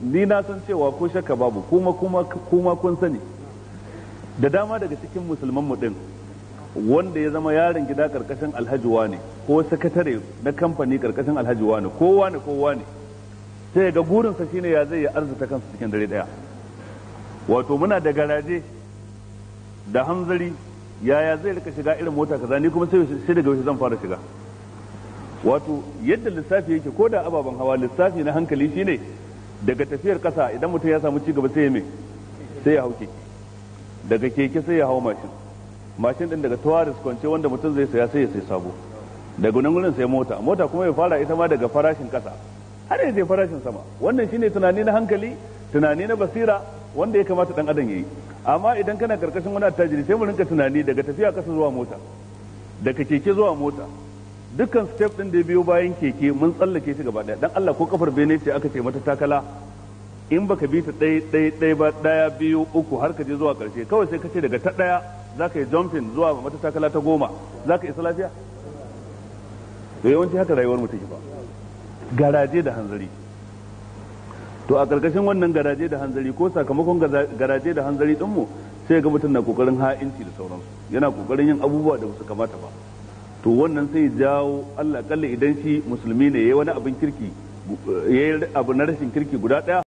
ni na san cewa ko shakka babu kuma kuma kuma kun sani da dama daga cikin musulman mu din wanda ya zama yaron gida karkashin alhajiwa ne ko sakatare na kamfani karkashin alhajiwa ne kowa ne kowa ne sai ga sa shine ya zai ya arzuta kansa cikin dare daya wato muna da garaje da hanzari yaya zai rika shiga irin mota kaza ni kuma sai daga wasu zan fara shiga wato yadda lissafi yake ko da ababen hawa lissafi na hankali shine daga tafiyar kasa idan mutum ya samu ci gaba sai ya me sai ya hau keke daga keke sai ya hau mashin mashin din daga tawaris kwance wanda mutum zai saya sai ya sai sabo daga nan gurin sai mota mota kuma ya fara ita ma daga farashin kasa har ya je farashin sama wannan shine tunani na hankali tunani na basira wanda ya kamata dan adam yayi amma idan kana karkashin wani attajiri sai mu rinka tunani daga tafiya kasa zuwa mota daga keke zuwa mota dukkan step din da biyo bayan keke mun tsallake shi gaba daya dan Allah ko kafar bene ce aka ce mata takala in baka bi ta ɗaya ɗaya ɗaya ba ɗaya biyu uku har ka je zuwa ƙarshe kawai sai ka ce daga ta ɗaya za ka yi jumping zuwa matatakala ta goma za ka isa lafiya da yawanci haka rayuwar mutum ba garaje da hanzari to a ƙarƙashin wannan garaje da hanzari ko sakamakon garaje da hanzari dinmu sai ga mutum na ƙoƙarin ha'inci da sauransu yana ƙoƙarin yin abubuwa da su kamata ba to wannan sai jawo Allah ƙalla idan shi musulmi ne ya yi wani abin kirki ya yi abu na rashin kirki guda ɗaya